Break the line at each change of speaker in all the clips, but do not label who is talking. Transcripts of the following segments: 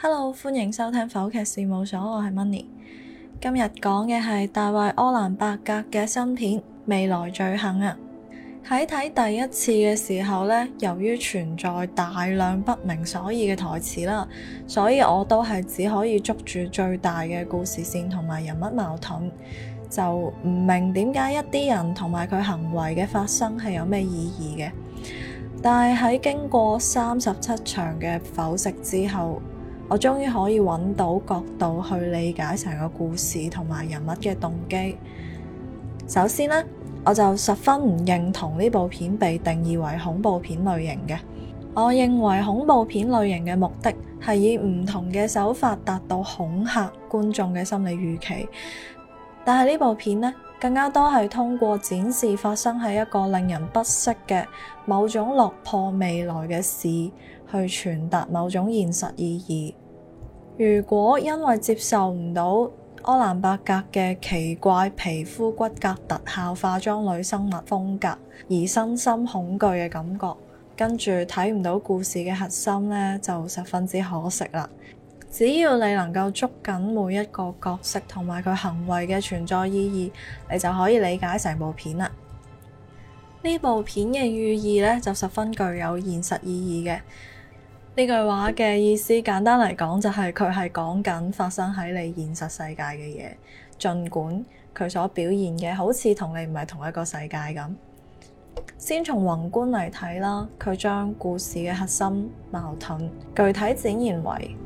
hello，歡迎收聽剖劇事務所，我係 Money。今日講嘅係大衛柯蘭伯格嘅新片《未來罪行》啊。喺睇第一次嘅時候呢，由於存在大量不明所以嘅台詞啦，所以我都係只可以捉住最大嘅故事線同埋人物矛盾，就唔明點解一啲人同埋佢行為嘅發生係有咩意義嘅。但係喺經過三十七場嘅剖析之後。我終於可以揾到角度去理解成個故事同埋人物嘅動機。首先呢，我就十分唔認同呢部片被定義為恐怖片類型嘅。我認為恐怖片類型嘅目的係以唔同嘅手法達到恐嚇觀眾嘅心理預期，但係呢部片呢，更加多係通過展示發生喺一個令人不適嘅某種落魄未來嘅事，去傳達某種現實意義。如果因為接受唔到柯南伯格嘅奇怪皮膚骨骼特效化妝女生物風格而身心恐懼嘅感覺，跟住睇唔到故事嘅核心呢，就十分之可惜啦。只要你能夠捉緊每一個角色同埋佢行為嘅存在意義，你就可以理解成部片啦。呢部片嘅寓意呢，就十分具有現實意義嘅。呢句話嘅意思簡單嚟講，就係，就係佢係講緊發生喺你現實世界嘅嘢，儘管佢所表現嘅好似同你唔係同一個世界咁。先從宏觀嚟睇啦，佢將故事嘅核心矛盾具體展現為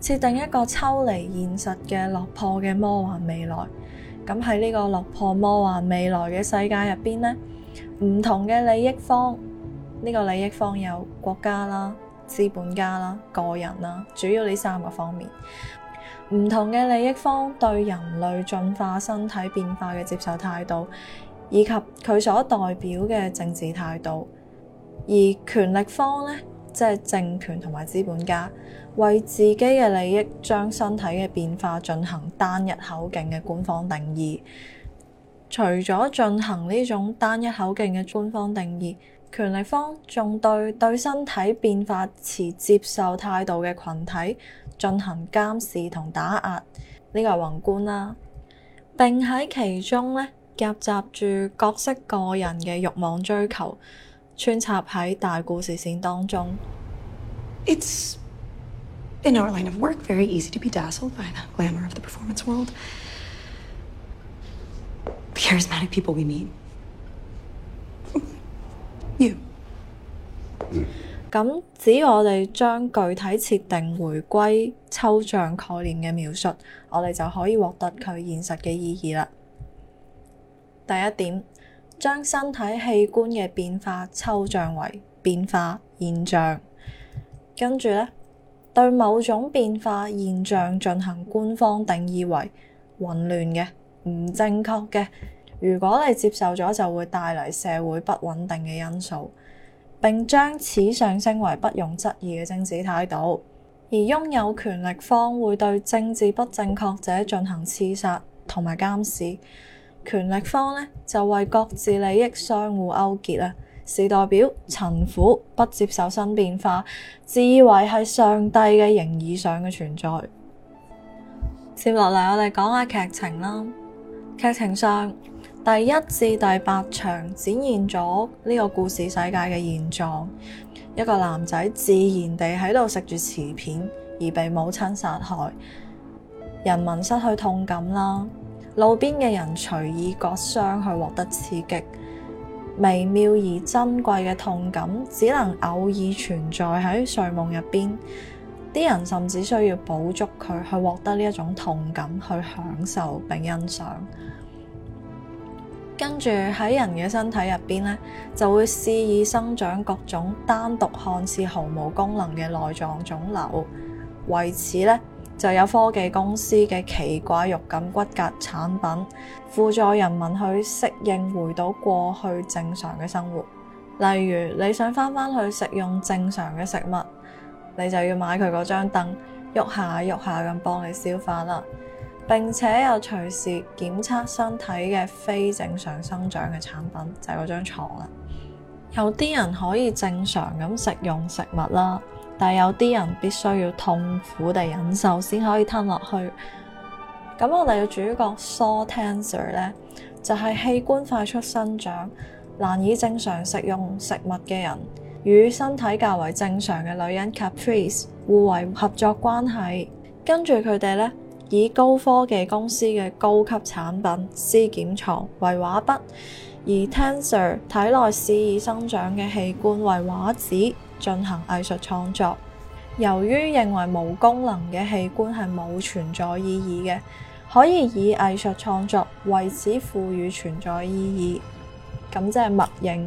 設定一個抽離現實嘅落魄嘅魔幻未來。咁喺呢個落魄魔幻未來嘅世界入邊呢，唔同嘅利益方，呢、呢個利益方有國家啦。資本家啦、個人啦，主要呢三個方面，唔同嘅利益方對人類進化身體變化嘅接受態度，以及佢所代表嘅政治態度，而權力方呢，即係政權同埋資本家，為自己嘅利益將身體嘅變化進行單一口徑嘅官方定義。除咗進行呢種單一口徑嘅官方定義，權力方仲對對身體變化持接受態度嘅群體進行監視同打壓，呢、這個係宏觀啦。並喺其中咧夾雜住各式個人嘅慾望追求，穿插喺大故事線當中。咁只要我哋將具體設定回歸抽象概念嘅描述，我哋就可以獲得佢現實嘅意義啦。第一點，將身體器官嘅變化抽象為變化現象，跟住呢對某種變化現象進行官方定義為混亂嘅，唔正確嘅，如果你接受咗，就會帶嚟社會不穩定嘅因素，並將此上升為不容質疑嘅政治態度。而擁有權力方會對政治不正確者進行刺殺同埋監視。權力方呢，就為各自利益相互勾結啦。是代表陳腐不接受新變化，自以為係上帝嘅形而上嘅存在。接落嚟我哋講下劇情啦。劇情上，第一至第八場展現咗呢個故事世界嘅現狀：一個男仔自然地喺度食住瓷片而被母親殺害，人民失去痛感啦，路邊嘅人隨意割傷去獲得刺激，微妙而珍貴嘅痛感只能偶爾存在喺睡夢入邊。啲人甚至需要補足佢，去獲得呢一種痛感，去享受並欣賞。跟住喺人嘅身體入邊咧，就會肆意生長各種單獨看似毫無功能嘅內臟腫瘤。為此咧，就有科技公司嘅奇怪肉感骨骼產品，輔助人民去適應回到過去正常嘅生活。例如，你想翻返去食用正常嘅食物。你就要買佢嗰張凳，喐下喐下咁幫你消化啦。並且又隨時檢測身體嘅非正常生長嘅產品，就係、是、嗰張牀啦。有啲人可以正常咁食用食物啦，但係有啲人必須要痛苦地忍受先可以吞落去。咁我哋嘅主角 Saul Tenser 咧，就係、是、器官快速生長，難以正常食用食物嘅人。與身體較為正常嘅女人及 Caprice 互為合作關係，跟住佢哋咧以高科技公司嘅高級產品屍檢床為畫筆，而 Tenser 體內肆意生長嘅器官為畫紙進行藝術創作。由於認為冇功能嘅器官係冇存在意義嘅，可以以藝術創作為此賦予存在意義，咁即係默認。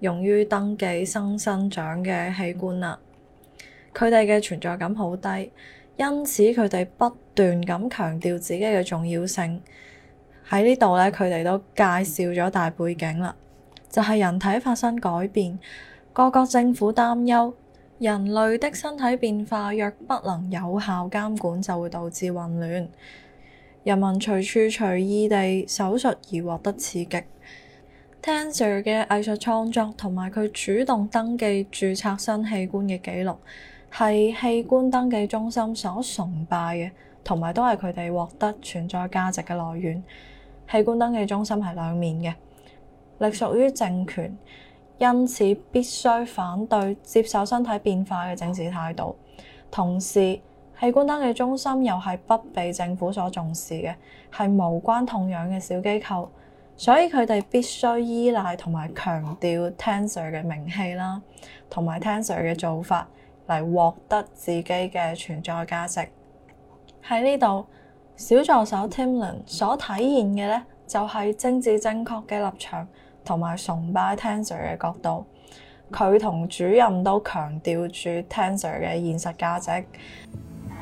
用於登記新生長嘅器官啦，佢哋嘅存在感好低，因此佢哋不斷咁強調自己嘅重要性。喺呢度咧，佢哋都介紹咗大背景啦，就係人體發生改變，各國政府擔憂人類的身體變化若不能有效監管，就會導致混亂，人民隨處隨意地手術而獲得刺激。Tenser 嘅藝術創作同埋佢主動登記註冊新器官嘅記錄，係器官登記中心所崇拜嘅，同埋都係佢哋獲得存在價值嘅來源。器官登記中心係兩面嘅，隸屬於政權，因此必須反對接受身體變化嘅政治態度。同時，器官登記中心又係不被政府所重視嘅，係無關痛癢嘅小機構。所以佢哋必須依賴同埋強調 Tenser 嘅名氣啦，同埋 Tenser 嘅做法嚟獲得自己嘅存在價值。喺呢度，小助手 Timlin 所體現嘅咧，就係政治正確嘅立場，同埋崇拜 Tenser 嘅角度。佢同主任都強調住 Tenser 嘅現實價值。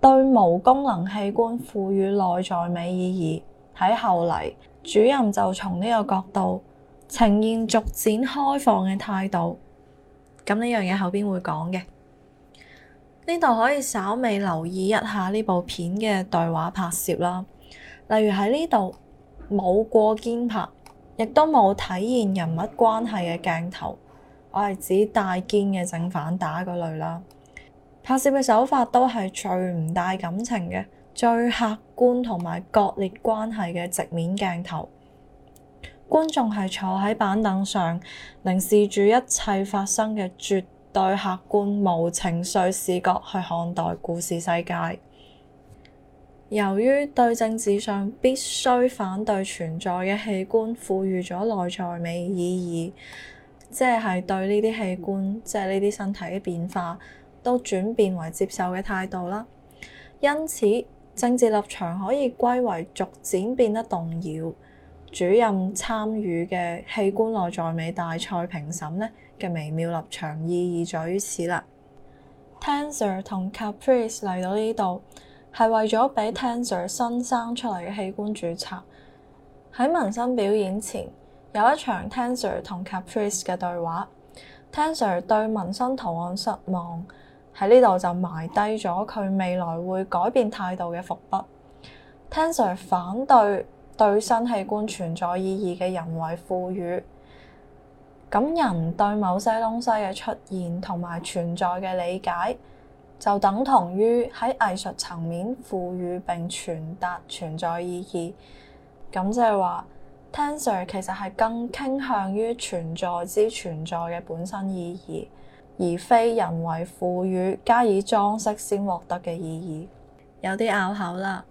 對無功能器官賦予內在美意義，喺後嚟，主任就從呢個角度呈現逐漸開放嘅態度。咁呢樣嘢後邊會講嘅。呢度可以稍微留意一下呢部片嘅對話拍攝啦，例如喺呢度冇過肩拍，亦都冇體現人物關係嘅鏡頭，我係指帶肩嘅正反打嗰類啦。拍攝嘅手法都係最唔帶感情嘅、最客觀同埋割裂關係嘅直面鏡頭。觀眾係坐喺板凳上，凝視住一切發生嘅絕對客觀、無情緒視角去看待故事世界。由於對政治上必須反對存在嘅器官賦予咗內在美意義，即係對呢啲器官，即係呢啲身體嘅變化。都轉變為接受嘅態度啦，因此政治立場可以歸為逐漸變得動搖。主任參與嘅器官內在美大賽評審呢，嘅微妙立場意義在於此啦。Tenser 同 Caprice 嚟到呢度係為咗俾 Tenser 新生出嚟嘅器官註冊。喺紋身表演前有一場 Tenser 同 Caprice 嘅對話。Tenser 對紋身圖案失望。喺呢度就埋低咗佢未來會改變態度嘅伏筆。Tenser 反對對新器官存在意義嘅人為賦予。咁人對某些東西嘅出現同埋存在嘅理解，就等同於喺藝術層面賦予並傳達存在意義。咁即係話，Tenser 其實係更傾向於存在之存在嘅本身意義。而非人為賦予、加以裝飾先獲得嘅意義，有啲拗口啦。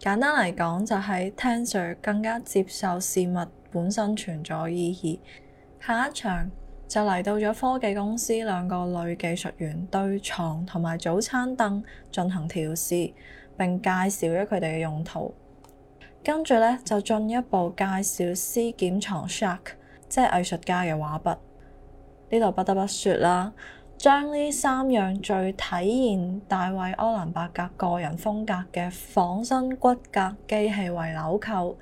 簡單嚟講，就係 Tenser 更加接受事物本身存在意義。下一場就嚟到咗科技公司，兩個女技術員對床同埋早餐燈進行調試，並介紹咗佢哋嘅用途。跟住呢，就進一步介紹屍檢床 Shark，即係藝術家嘅畫筆。呢度不得不說啦，將呢三樣最體現大衛·柯南伯格個人風格嘅仿生骨骼機器為紐扣，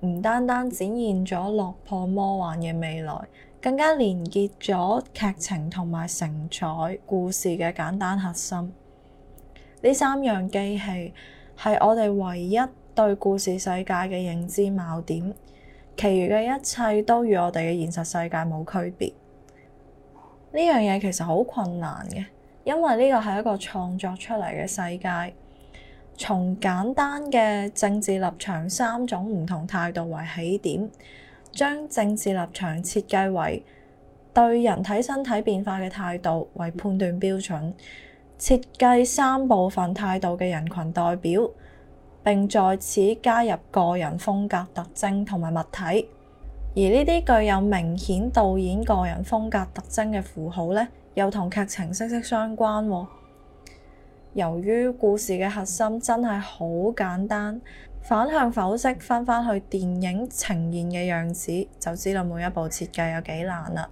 唔單單展現咗落魄魔幻嘅未來，更加連結咗劇情同埋成彩故事嘅簡單核心。呢三樣機器係我哋唯一對故事世界嘅認知錨點，其餘嘅一切都與我哋嘅現實世界冇區別。呢樣嘢其實好困難嘅，因為呢個係一個創作出嚟嘅世界。從簡單嘅政治立場三種唔同態度為起點，將政治立場設計為對人體身體變化嘅態度為判斷標準，設計三部分態度嘅人群代表，並在此加入個人風格特徵同埋物體。而呢啲具有明顯導演個人風格特徵嘅符號呢，又同劇情息息相關，哦。由於故事嘅核心真係好簡單，反向剖析翻返去電影呈現嘅樣子，就知道每一部設計有幾難啦，啊。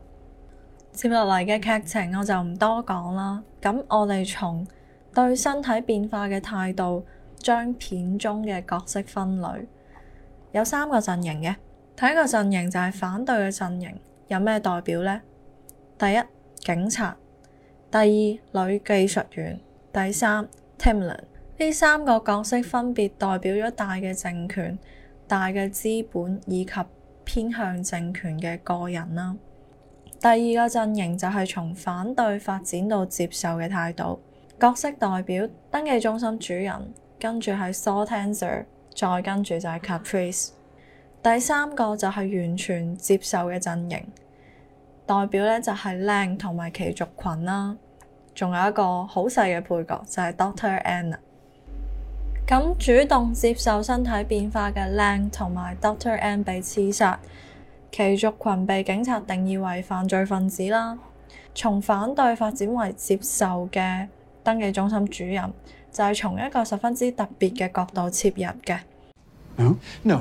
接落嚟嘅劇情我就唔多講啦。咁我哋從對身體變化嘅態度，將片中嘅角色分類，有三個陣營嘅。第一個陣營就係反對嘅陣營，有咩代表呢？第一警察，第二女技術員，第三 Timlin，呢三個角色分別代表咗大嘅政權、大嘅資本以及偏向政權嘅個人啦。第二個陣營就係從反對發展到接受嘅態度，角色代表登記中心主人，跟住係 Saul Tenser，再跟住就係 Caprice。第三個就係完全接受嘅陣營，代表咧就係靚同埋其族群啦，仲有一個好細嘅配角就係、是、Doctor N 啦。咁主動接受身體變化嘅靚同埋 Doctor N 被刺殺，其族群被警察定義為犯罪分子啦。從反對發展為接受嘅登記中心主任，就係、是、從一個十分之特別嘅角度切入嘅。No. No.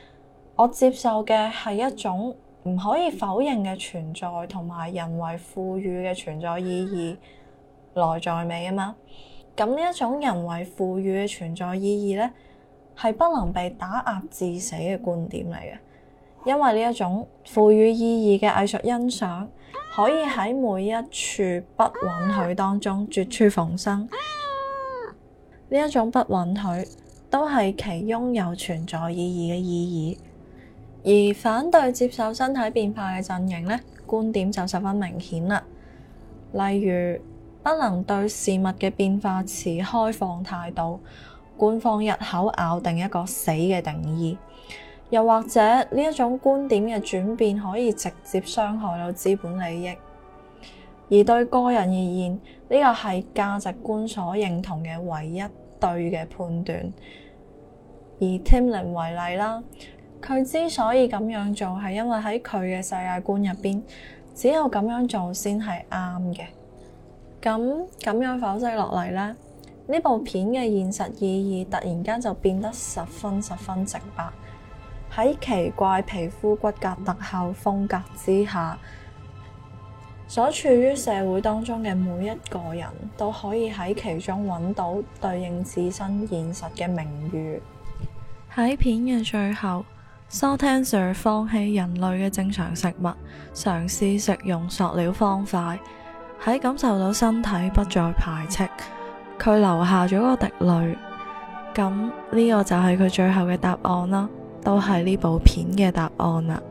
我接受嘅係一種唔可以否認嘅存在，同埋人為賦予嘅存在意義、內在美啊嘛。咁呢一種人為賦予嘅存在意義咧，係不能被打壓致死嘅觀點嚟嘅。因為呢一種賦予意義嘅藝術欣賞，可以喺每一處不允許當中絕處逢生。呢一種不允許，都係其擁有存在意義嘅意義。而反對接受身體變化嘅陣營呢，觀點就十分明顯啦。例如，不能對事物嘅變化持開放態度；官方一口咬定一個死嘅定義；又或者呢一種觀點嘅轉變可以直接傷害到資本利益。而對個人而言，呢、這個係價值觀所認同嘅唯一對嘅判斷。以 Tim 林為例啦。佢之所以咁樣做，係因為喺佢嘅世界觀入邊，只有咁樣做先係啱嘅。咁咁樣剖析落嚟呢，呢部片嘅現實意義突然間就變得十分十分直白。喺奇怪皮膚骨骼特效風格之下，所處於社會當中嘅每一個人都可以喺其中揾到對應自身現實嘅名譽。喺片嘅最後。s o、so, t e n s i r 放棄人類嘅正常食物，嘗試食用塑料方塊。喺感受到身體不再排斥，佢留下咗一個滴淚。咁呢、這個就係佢最後嘅答案啦，都係呢部片嘅答案啦。